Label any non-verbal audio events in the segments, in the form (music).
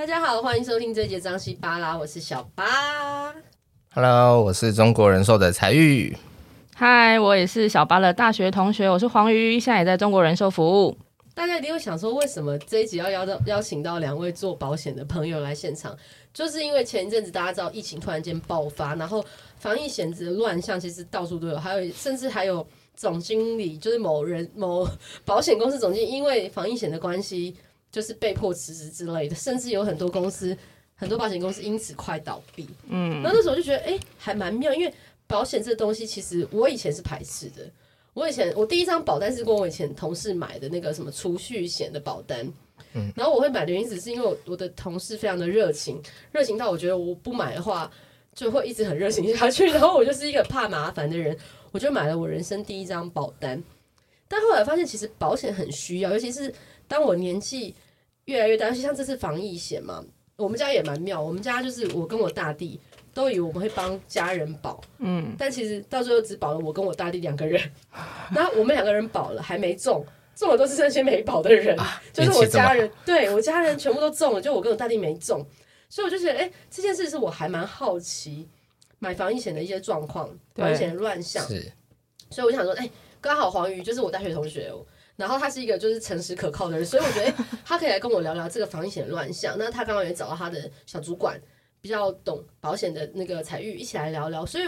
大家好，歡迎收聽這一集的張西巴拉，我是小巴。Hello，我是中國人壽的才玉。Hi，我也是小巴的大學同學，我是黃瑜，現在也在中國人壽服務。大家一定會想說，為什麼這一集要邀到邀請到兩位做保險的朋友來現場？就是因為前一陣子大家知道疫情突然間爆發，然後防疫險子的亂象其實到處都有，還有甚至還有總經理，就是某人某保險公司總經理，因為防疫險的關係。就是被迫辭職之類的，甚至有很多公司，很多保險公司因此快倒閉。嗯，那那時候我就覺得，哎、欸，還蠻妙，因為保險這東西其實我以前是排斥的。我以前我第一張保單是跟我以前同事買的那個什麼儲蓄險的保單。嗯，然後我會買的原因只是因為我我的同事非常的熱情，熱情到我覺得我不買的話就會一直很熱情下去。然後我就是一個怕麻煩的人，我就買了我人生第一張保單。但後來發現，其實保險很需要，尤其是。當我年紀越來越大，像這次防疫險嘛，我們家也蠻妙。我們家就是我跟我大弟都以為我們會幫家人保，嗯，但其實到最後只保了我跟我大弟兩個人。然後 (laughs) 我們兩個人保了，還沒中，中了都是那些沒保的人，啊、就是我家人，對，我家人全部都中了，就我跟我大弟沒中。所以我就覺得，哎、欸，這件事是我還蠻好奇買防疫險的一些狀況、保險亂象。是所以我就想說，哎、欸，剛好黃瑜就是我大學同學、哦。然後他是一個就是誠實可靠的人，所以我覺得他可以來跟我聊聊這個防疫險亂象。那他剛剛也找到他的小主管，比較懂保險的那個彩玉一起來聊聊。所以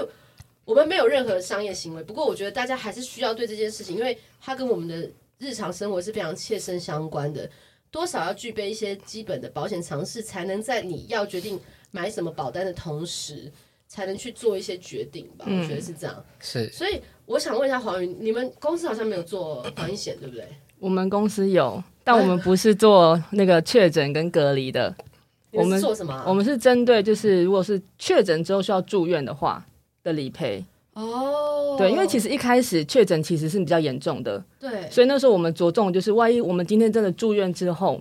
我們沒有任何商業行為，不過我覺得大家還是需要對這件事情，因為他跟我們的日常生活是非常切身相關的，多少要具備一些基本的保險常識，才能在你要決定買什麼保單的同時，才能去做一些決定吧。我覺得是這樣，嗯、是所以。我想問一下黃雲，你們公司好像沒有做防疫險，對不對？我們公司有，但我們不是做那個確診跟隔離的。哎、呀我們是做什麼？我們是針對就是如果是確診之後需要住院的話的理賠。哦，對，因為其實一開始確診其實是比較嚴重的，對，所以那時候我們着重就是，萬一我們今天真的住院之後，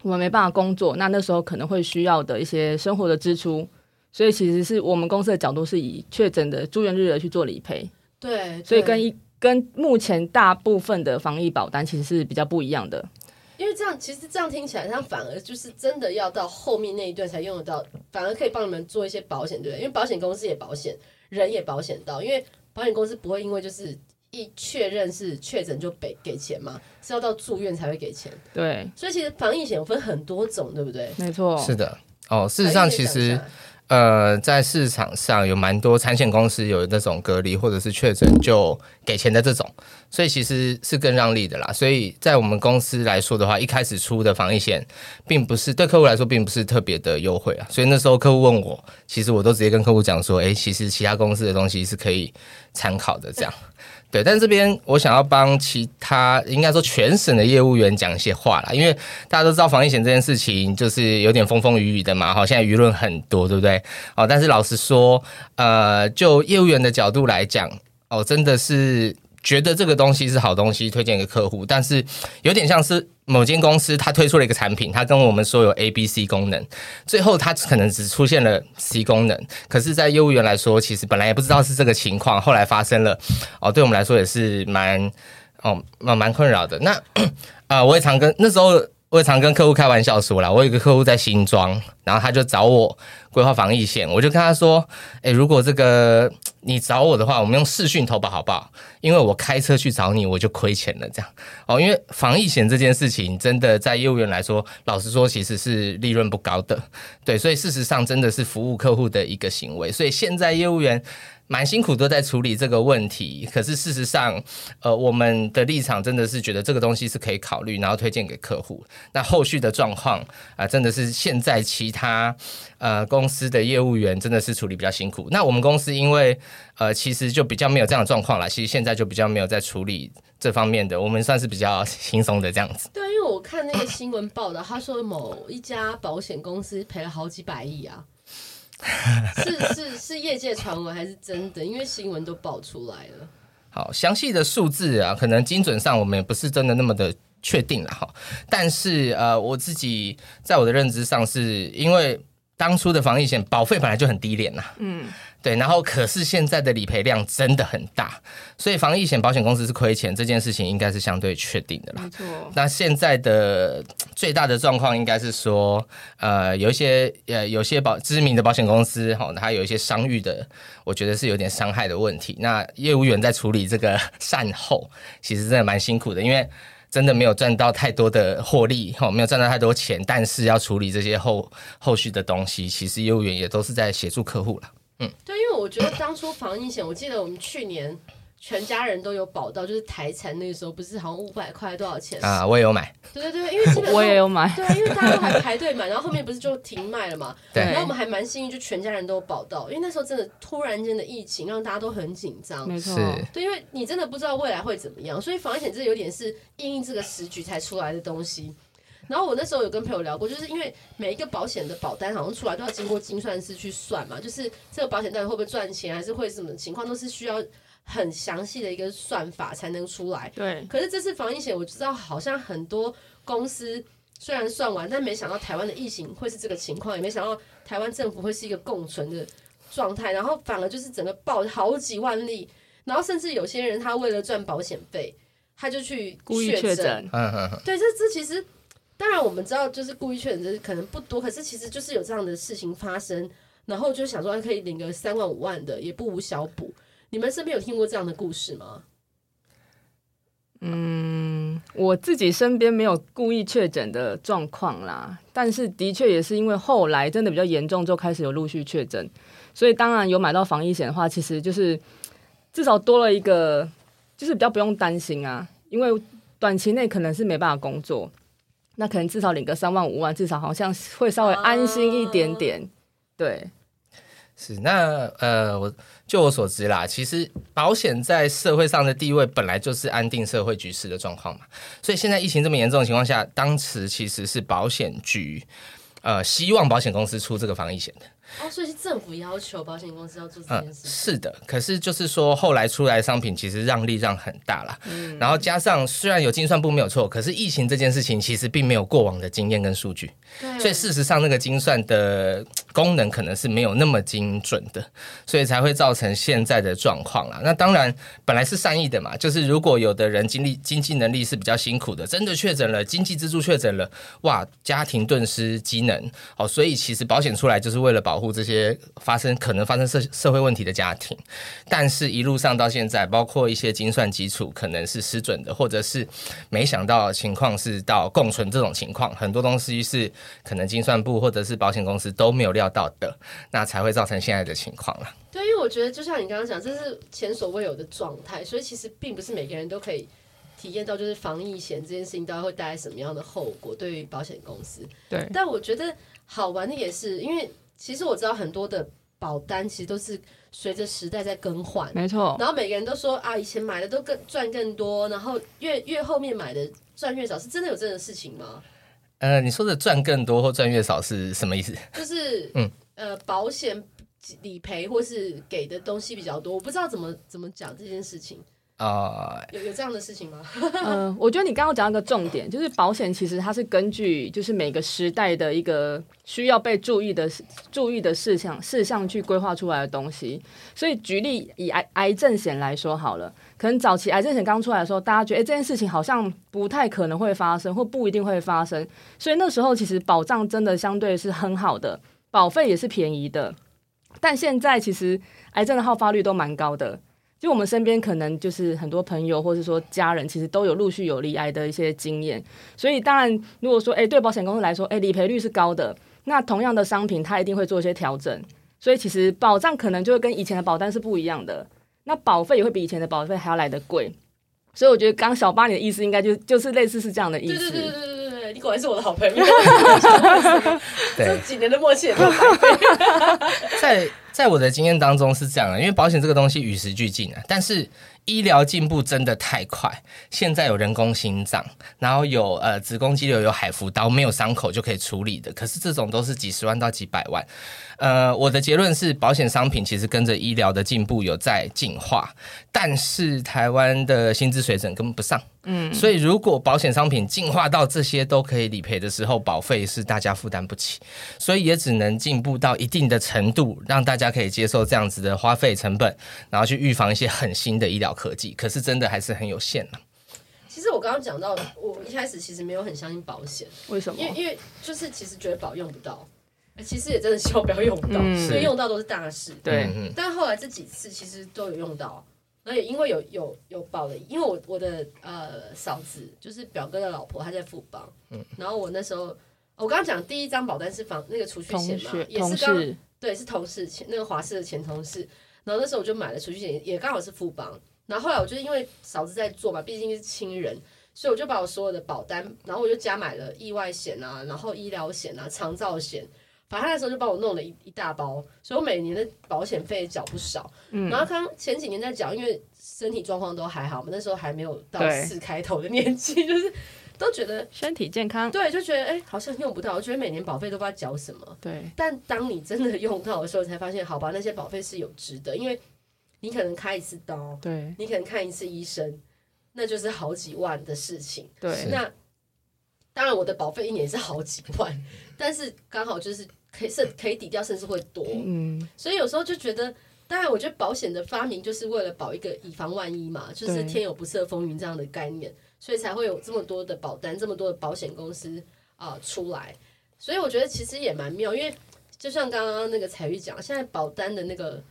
我們沒辦法工作，那那時候可能會需要的一些生活的支出，所以其實是我們公司的角度是以確診的住院日來去做理賠。對，對，所以跟一跟目前大部分的防疫保單其實是比較不一樣的，因為這樣其實這樣聽起來，它反而就是真的要到後面那一段才用得到，反而可以幫你們做一些保險，對不對？因為保險公司也保險，人也保險到，因為保險公司不會因為就是一確認是確診就給錢嘛，是要到住院才會給錢。對，所以其實防疫險有分很多種，對不對？沒錯，是的，哦，事實上其實。呃，在市場上有蠻多產險公司有那種隔離或者是確診就給錢的這種，所以其實是更讓利的啦。所以在我們公司來說的話，一開始出的防疫險，並不是對客戶來說並不是特別的優惠啊。所以那時候客戶問我，其實我都直接跟客戶講說，哎，其實其他公司的東西是可以參考的，這樣。嗯。對，但這邊我想要幫其他應該說全省的業務員講一些話啦。因為大家都知道，防疫險這件事情就是有點風風雨雨的嘛，好，現在輿論很多，對不對？哦，但是老實說，呃，就業務員的角度來講，哦，真的是覺得這個東西是好東西，推薦給客戶，但是有點像是。某間公司它推出了一個產品，它跟我們說有 A、B、C 功能，最後它可能只出現了 C 功能。可是，在業務員來說，其實本來也不知道是這個情況，後來發生了，哦，對我們來說也是蠻，哦，蠻蠻困擾的。那啊、呃，我也常跟那時候。我也常跟客戶開玩笑說啦，我有一個客戶在新莊，然後他就找我規劃防疫險，我就跟他說：“誒、欸，如果這個你找我的話，我們用視訊投保好不好？因為我開車去找你，我就虧錢了。”這樣哦，因為防疫險這件事情，真的在業務員來說，老實說其實是利潤不高的，對，所以事實上真的是服務客戶的一個行為，所以現在業務員。蠻辛苦都在處理這個問題，可是事實上，呃，我們的立場真的是覺得這個東西是可以考慮，然後推薦給客戶。那後續的狀況啊，真的是現在其他呃公司的業務員真的是處理比較辛苦。那我們公司因為呃其實就比較沒有這樣的狀況啦，其實現在就比較沒有在處理這方面的，我們算是比較輕鬆的這樣子。對，因為我看那個新聞報道，他說某一家保險公司賠了好幾百億啊。是是 (laughs) 是，是是業界傳聞還是真的？因為新聞都爆出來了。好詳細的數字啊，可能精準上我們也不是真的那麼的確定了哈。但是呃，我自己在我的認知上是，因為當初的防疫險保費本來就很低廉啦。嗯。對，然後可是現在的理賠量真的很大，所以防疫險保險公司是虧錢這件事情應該是相對確定的啦。錯那現在的最大的狀況應該是說，呃，有一些呃，有些保知名的保險公司齁，它有一些商譽的，我覺得是有點傷害的問題。那業務員在處理這個善後，其實真的蠻辛苦的，因為真的沒有賺到太多的獲利齁，沒有賺到太多錢，但是要處理這些後後續的東西，其實業務員也都是在協助客戶啦。對，因為我覺得當初防疫險，我記得我們去年全家人都有保到，就是台產那個時候不是好像五百塊多少錢啊？我也有買。對對對，因為基本上，我也有買。對，因為大家都還排隊買，然後後面不是就停賣了嘛？對。然後我們還蠻幸運，就全家人都有保到，因為那時候真的突然間的疫情讓大家都很緊張，沒錯錯。對，因為你真的不知道未來會怎麼樣，所以防疫險這有點是因應這個時局才出來的東西。然後我那時候有跟朋友聊過，就是因為每一個保險的保單好像出來都要經過精算師去算嘛，就是這個保險到底會不會賺錢，還是會什麼情況，都是需要很詳細的一個算法，才能出來。對。可是這次防疫險我知道，好像很多公司雖然算完，但沒想到台灣的疫情會是這個情況，也沒想到台灣政府會是一個共存的狀態，然後反而就是整個爆好幾萬例，然後甚至有些人他為了賺保險費，他就去故意確診。對，這這其實。當然，我們知道就是故意確診的可能不多，可是其實就是有這樣的事情發生，然後就想說還可以領個三萬五萬的，也不無小補。你們身邊有聽過這樣的故事嗎？嗯，我自己身邊沒有故意確診的狀況啦，但是的確也是因為後來真的比較嚴重，就開始有陸續確診，所以當然有買到防疫險的話，其實就是至少多了一個，就是比較不用擔心啊，因為短期內可能是沒辦法工作。那可能至少領個三萬五萬，至少好像會稍微安心一點點。對，是那呃，我就我所知啦，其實保險在社會上的地位本來就是安定社會局勢的狀況嘛，所以現在疫情這麼嚴重的情況下，當時其實是保險局呃希望保險公司出這個防疫險的。哦，所以是政府要求保險公司要做這件事情。嗯。是的，可是就是說後來出來商品其實讓利讓很大啦。嗯。然後加上雖然有精算部沒有錯，可是疫情這件事情其實並沒有過往的經驗跟數據，對。所以事實上那個精算的功能可能是沒有那麼精準的，所以才會造成現在的狀況啦。那當然本來是善意的嘛，就是如果有的人經歷經濟能力是比較辛苦的，真的確診了，經濟支柱確診了，哇，家庭頓失機能。好，哦，所以其實保險出來就是為了保戶這些發生可能發生社社會問題的家庭，但是一路上到現在，包括一些精算基礎可能是失準的，或者是沒想到情況是到共存這種情況，很多東西是可能精算部或者是保險公司都沒有料到的，那才會造成現在的情況了。對，因為我覺得就像你剛剛講，這是前所未有的狀態，所以其實並不是每個人都可以體驗到，就是防疫險這件事情到底會帶來什麼樣的後果，對於保險公司。對，但我覺得好玩的也是因為。其實我知道很多的保單，其實都是隨着時代在更換。沒錯，然後每個人都說啊，以前買的都更賺更多，然後越越後面買的賺越少，是真的有這樣的事情嗎？呃，你說的賺更多或賺越少是什麼意思？就是嗯，呃，保險理賠或是給的東西比較多，我不知道怎麼怎麼講這件事情。啊，uh, 有有這樣的事情嗎？嗯、 (laughs) 呃，我覺得你剛剛講到一個重點，就是保險其實它是根據就是每個時代的一個需要被注意的事、注意的事項、事項去規劃出來的東西。所以舉例以癌癌症險來說好了，可能早期癌症險剛出來的時候，大家覺得誒，這件事情好像不太可能會發生，或不一定會發生，所以那時候其實保障真的相對是很好的，保費也是便宜的。但現在其實癌症的好發率都蠻高的。就我們身邊可能就是很多朋友，或是說家人，其實都有陸續有罹癌的一些經驗，所以當然，如果說哎、欸，對保險公司來說，哎、欸，理賠率是高的，那同樣的商品，它一定會做一些調整，所以其實保障可能就會跟以前的保單是不一樣的，那保費也會比以前的保費還要來得貴，所以我覺得剛小八你的意思應該就就是類似是這樣的意思，對對對對對對對，你果然是我的好朋友，對， (laughs) 這幾年的默契。 (laughs) (laughs) 在我的經驗當中是這樣的，因為保險這個東西與時俱進啊，但是。醫療進步真的太快，現在有人工心臟，然後有呃子宮肌瘤有海扶刀，沒有傷口就可以處理的。可是這種都是幾十萬到幾百萬。呃，我的結論是，保險商品其實跟着醫療的進步有在進化，但是台灣的薪資水準跟不上。嗯，所以如果保險商品進化到這些都可以理賠的時候，保費是大家負擔不起，所以也只能進步到一定的程度，讓大家可以接受這樣子的花費成本，然後去預防一些很新的醫療。科技可是真的還是很有限呢、啊。其實我剛剛講到，我一開始其實沒有很相信保險，為什麼？因為因為就是其實覺得保用不到，其實也真的希望不要用到，嗯、所以用到都是大事。對，嗯、但後來這幾次其實都有用到，那也因為有有有保了，因為我我的呃嫂子就是表哥的老婆，她在富邦。嗯。然後我那時候我剛剛講第一張保單是房那個儲蓄險嘛，學也是剛,剛事對是同事前那個華視的前同事，然後那時候我就買了儲蓄險，也剛好是富邦。然後後來，我就是因為嫂子在做嘛，畢竟是親人，所以我就把我所有的保單，然後我就加買了意外險啊，然後醫療險啊，長照險，反正那時候就幫我弄了一一大包，所以我每年的保險費繳不少。嗯、然後剛前幾年在繳，因為身體狀況都還好嘛，那時候還沒有到四開頭的年紀，對 (laughs) 就是都覺得身體健康，對，就覺得哎，好像用不到，我覺得每年保費都不知道繳什麼。對。但當你真的用到的時候，才發現，好吧，那些保費是有值的，因為。你可能開一次刀，對，你可能看一次醫生，那就是好幾萬的事情。對，那當然我的保費一年是好幾萬，但是剛好就是可以是可以抵掉，甚至會多。嗯，所以有時候就覺得，當然我覺得保險的發明就是為了保一個以防萬一嘛，就是天有不測風雲這樣的概念，所以才會有這麼多的保單，這麼多的保險公司啊、呃、出來。所以我覺得其實也蠻妙，因為就像剛剛那個彩玉講，現在保單的那個。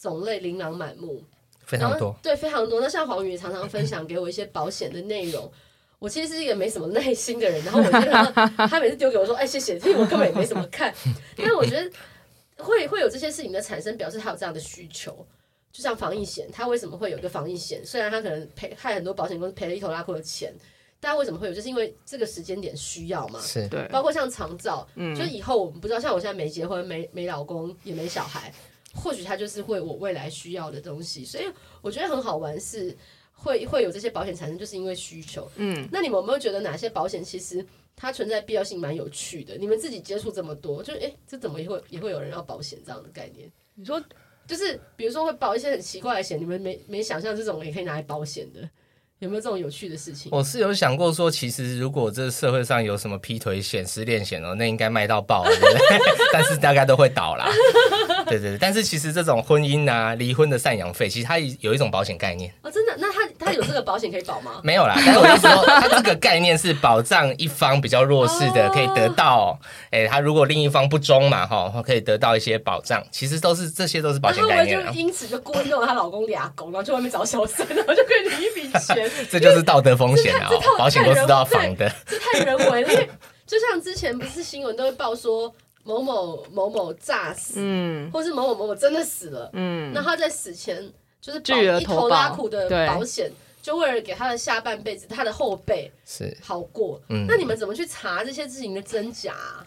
種類琳琅滿目，非常多，對，非常多。那像黃宇常常分享給我一些保險的內容， (laughs) 我其實是一個沒什麼耐心的人。然後我覺得他每次丟給我說：“ (laughs) 哎，謝謝。”因為我根本也沒怎麼看。 (laughs) 但我覺得會會有這些事情的產生，表示他有這樣的需求。就像防疫險，他為什麼會有個防疫險？雖然他可能賠害很多保險公司賠了一頭拉庫的錢，但他為什麼會有？就是因為這個時間點需要嘛。是，對。包括像長照，嗯、就以後我們不知道，像我現在沒結婚、沒沒老公、也沒小孩。或許它就是會我未來需要的東西，所以我覺得很好玩是會會有這些保險產生，就是因為需求。嗯，那你們有沒有覺得哪些保險其實它存在必要性蠻有趣的？你們自己接觸這麼多，就誒、欸，這怎麼也會也會有人要保險這樣的概念？你說就是比如說會保一些很奇怪的險，你們沒沒想象這種也可以拿來保險的。有沒有這種有趣的事情？我是有想過說，其實如果這社會上有什麼劈腿險、失戀險哦，那應該賣到爆，對不對？但是大家都會倒啦， (laughs) 對對對，但是其實這種婚姻啊、離婚的贍養費，其實它有一種保險概念。哦，真的？他有這個保險可以保嗎？沒有啦。那我就說，他 (laughs) 這個概念是保障一方比較弱勢的，啊、可以得到。哎、欸，他如果另一方不忠嘛，哈、喔，可以得到一些保障。其實都是這些，都是保險概念。就因此就故意弄她老公倆狗，然後去外面找小三，然後就可以領一筆錢。 (laughs) 這就是道德風險啊！為為保險公司都要防的。這太人為了。就像之前不是新聞都會報說某某某某詐死，嗯、或是某某某某真的死了，嗯，那他在死前。就是一頭拉苦的保險，就為了給他的下半輩子，對他的後輩是好過。是嗯、那你們怎麼去查這些事情的真假，啊？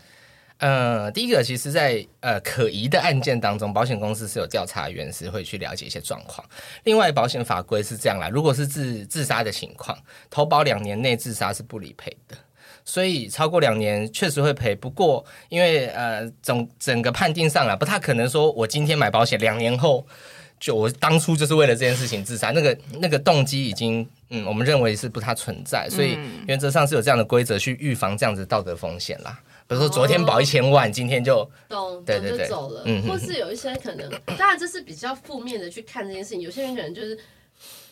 嗯、呃，第一個，其實在，在呃可疑的案件當中，保險公司是有調查員是會去了解一些狀況。另外，保險法規是這樣啦，如果是自自殺的情況，投保兩年內自殺是不理賠的，所以超過兩年確實會賠。不過，因為呃整整個判定上啊，不太可能說我今天買保險，兩年後。就我當初就是為了這件事情自殺，那個那個動機已經，嗯，我們認為是不太存在，所以原則上是有這樣的規則去預防這樣子道德風險啦。比如說昨天保一千萬，哦、今天就懂，懂對對對，就走了。嗯、哼或是有一些可能， (coughs) 當然這是比較負面的去看這件事情。有些人可能就是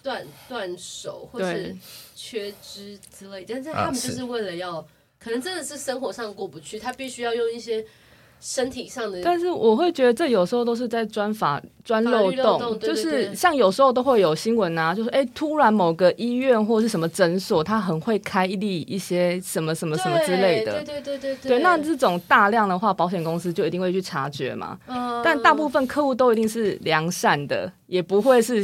斷斷 (coughs) 手或是缺肢之類，但是他們就是為了要，啊、可能真的是生活上過不去，他必須要用一些。身體上的，但是我會覺得這有時候都是在鑽法鑽漏洞，漏洞對對對就是像有時候都會有新聞啊，就是哎，突然某個醫院或是什麼診所，他很會開一粒一些什麼什麼什麼之類的，對，對對對對對。對，那這種大量的話，保險公司就一定會去察覺嘛。嗯，但大部分客戶都一定是良善的，也不會是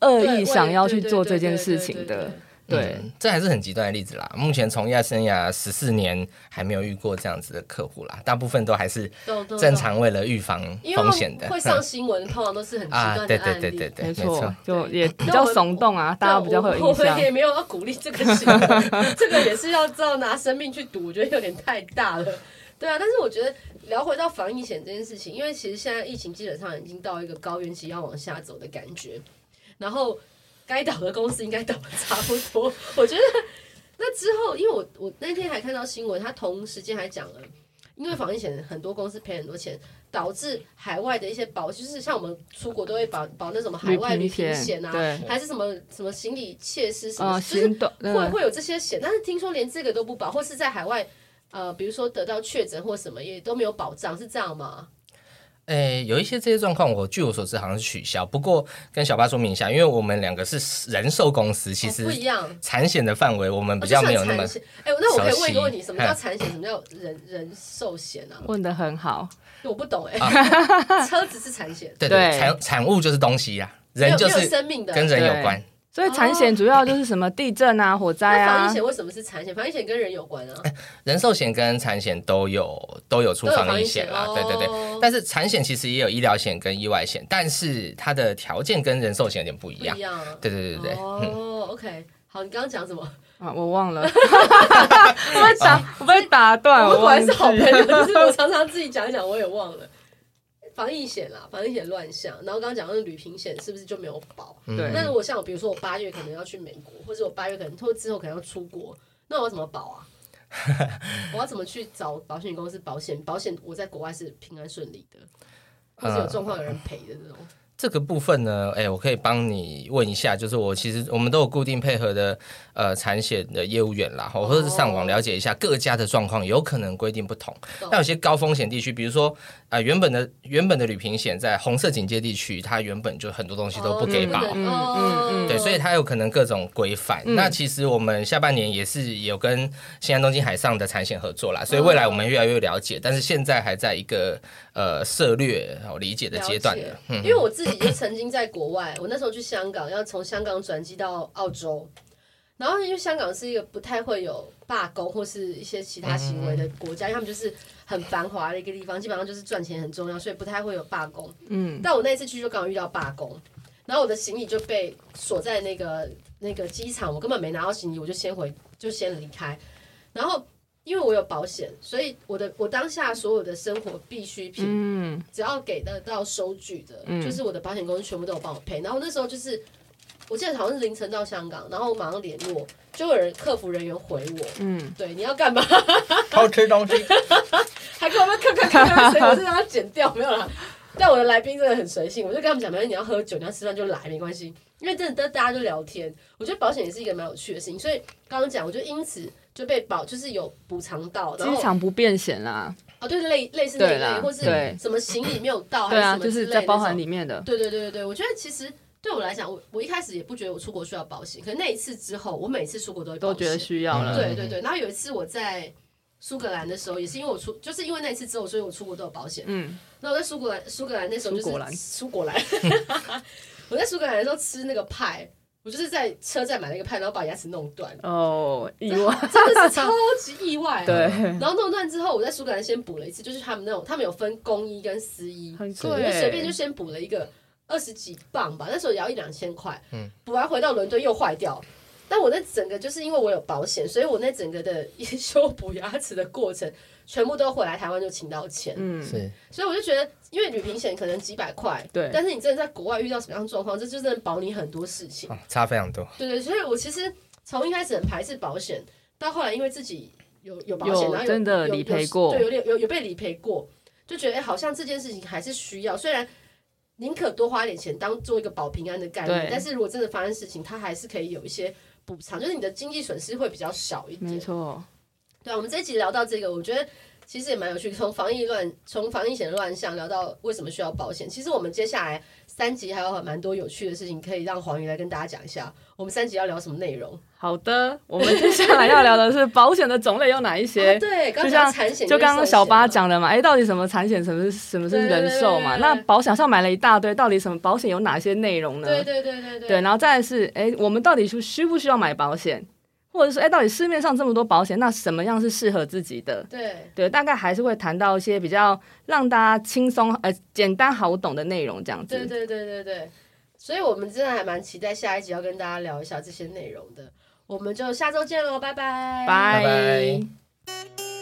惡意想要去做這件事情的。對，嗯、這還是很極端的例子啦。目前從業生涯十四年，還沒有遇過這樣子的客戶啦。大部分都還是正常為了預防風險的。對對對，會上新聞，通常都是很極端的案例。沒錯，沒錯就也比較聳 (coughs) 動啊，我大家比較會有印象。我們也沒有要鼓勵這個， (laughs) (laughs) 這個也是要知道拿生命去賭，我覺得有點太大了。對啊，但是我覺得聊回到防疫險這件事情，因為其實現在疫情基本上已經到一個高原期，要往下走的感覺。然後。該倒的公司應該倒的差不多，我覺得那之後，因為我我那天還看到新聞，他同時間還講了，因為防疫險很多公司賠很多錢，導致海外的一些保，就是像我們出國都會保保那什麼海外旅行險啊，還是什麼什麼行李缺失什麼，哦、就是會會有這些險，但是聽說連這個都不保，或是在海外呃，比如說得到確診或什麼也都沒有保障，是這樣嗎？誒，有一些這些狀況，我據我所知好像是取消。不過跟小巴說明一下，因為我們兩個是人壽公司，其實、哦、不一樣。產險的範圍我們比較、哦、沒有那麼……哎，那我可以問一個問題：誒什麼叫產險？什麼叫人人壽險啊？問得很好，我不懂哎、欸。啊、 (laughs) 車子是產險，對對， (laughs) 產產物就是東西呀、啊，人就是生命的，跟人有關。所以產險主要就是什麼地震啊、火災啊。那防疫險為什麼是產險？防疫險跟人有關啊。人壽險跟產險都有都有出防疫險啦，對對對。但是產險其實也有醫療險跟意外險，但是它的條件跟人壽險有點不一樣。一樣。對對對對。哦，OK。好，你剛剛講什麼？啊，我忘了。我在講，我被打斷。我們本來是好朋友，可是我常常自己講一講，我也忘了。防疫險啦，防疫險亂象，然後剛剛講到的旅平險是不是就沒有保？對，那如果像我，比如說我八月可能要去美國，或者我八月可能之後可能要出國，那我要怎麼保啊？ (laughs) 我要怎麼去找保險公司保險？保險我在國外是平安順利的，或者有狀況有人賠的這種。 (laughs) 這個部分呢，哎、欸，我可以幫你問一下，就是我其實我們都有固定配合的呃產險的業務員啦，或者是上網了解一下各家的狀況，有可能規定不同。Oh. 那有些高風險地區，比如說啊、呃，原本的原本的旅平險在紅色警戒地區，它原本就很多東西都不給保，嗯嗯、oh, 嗯，對，oh. 所以它有可能各種規範。Oh. 那其實我們下半年也是有跟新安東京海上的產險合作啦，所以未來我們越來越了解，oh. 但是現在還在一個呃涉獵好理解的階段的，解嗯、哼因為我自就曾經在國外，我那時候去香港，要從香港轉機到澳洲，然後因為香港是一個不太會有罷工或是一些其他行為的國家，他們就是很繁華的一個地方，基本上就是賺錢很重要，所以不太會有罷工。嗯，但我那一次去就剛好遇到罷工，然後我的行李就被鎖在那個那個機場，我根本沒拿到行李，我就先回，就先離開，然後。因為我有保險，所以我的我當下所有的生活必需品，嗯，只要給得到收據的，嗯，就是我的保險公司全部都有幫我賠。然後那時候就是，我記得好像是凌晨到香港，然後我馬上聯絡，就有人客服人員回我，嗯，對，你要幹嘛？偷吃東西， (laughs) 還給我們看看看看，所以我就讓他剪掉，沒有啦。但我的來賓真的很隨性，我就跟他們講，反正你要喝酒，你要吃飯就來，沒關係，因為真的大家都聊天。我覺得保險也是一個蠻有趣的事情，所以剛剛講，我就因此就被保，就是有補償到，經常不變險啦。哦，對，類類似那個，對啦，或是什麼行李沒有到，對啊，還是什麼之類的，就是在包含裡面的。對對對對對，我覺得其實對我來講，我我一開始也不覺得我出國需要保險，可是那一次之後，我每次出國都都覺得需要了。嗯、對對對，嗯、然後有一次我在。蘇格蘭的時候，也是因為我出，就是因為那一次之後，所以我出國都有保險。嗯。那我在蘇格蘭，蘇格蘭那時候就是蘇格蘭。蘇格蘭。蘇果 (laughs) (laughs) 我在蘇格蘭的時候吃那個派，我就是在車站買那個派，然後把牙齒弄斷。哦，意外， (laughs) 真的是超級意外啊。 (laughs) 對。然後弄斷之後，我在蘇格蘭先補了一次，就是他們那種，他們有分公醫跟私醫，很貴，所以我就隨便就先補了一個二十幾磅吧，那時候也要一兩千塊。嗯。補完回到倫敦又壞掉。嗯但我那整個就是因為我有保險，所以我那整個的修補牙齒的過程，全部都回來台灣就請到錢。嗯，是。所以我就覺得，因為旅平險可能幾百塊，對。但是你真的在國外遇到什麼樣狀況，這就是能保你很多事情。哦，差非常多。對對，所以我其實從一開始很排斥保險，到後來因為自己有有保險，有然後有真的理賠過，對，有點有有被理賠過，就覺得哎，好像這件事情還是需要，雖然寧可多花一點錢當做一個保平安的概念，對但是如果真的發生事情，它還是可以有一些。補償就是你的經濟損失會比較小一點。沒錯錯，對、啊，我們這一集聊到這個，我覺得。其實也蠻有趣，從防疫亂，從防疫險亂象聊到為什麼需要保險。其實我們接下來三集還有蠻多有趣的事情，可以讓黃瑜來跟大家講一下，我們三集要聊什麼內容？好的，我們接下來要聊的是保險的種類有哪一些？ (laughs) 啊、對，險就像產險，就剛剛小八講的嘛，哎、欸，到底什麼產險，什麼什麼是人壽嘛？那保險上買了一大堆，到底什麼保險有哪些內容呢？對對,對對對對對。對，然後再來是哎、欸，我們到底是需不需要買保險？或者說，哎、欸，到底市面上這麼多保險，那什麼樣是適合自己的？對對，大概還是會談到一些比較讓大家輕鬆、呃，簡單好懂的內容，這樣子。對對對對對，所以我們真的還蠻期待下一集要跟大家聊一下這些內容的。我們就下週見嘍，拜拜，bye bye 拜拜。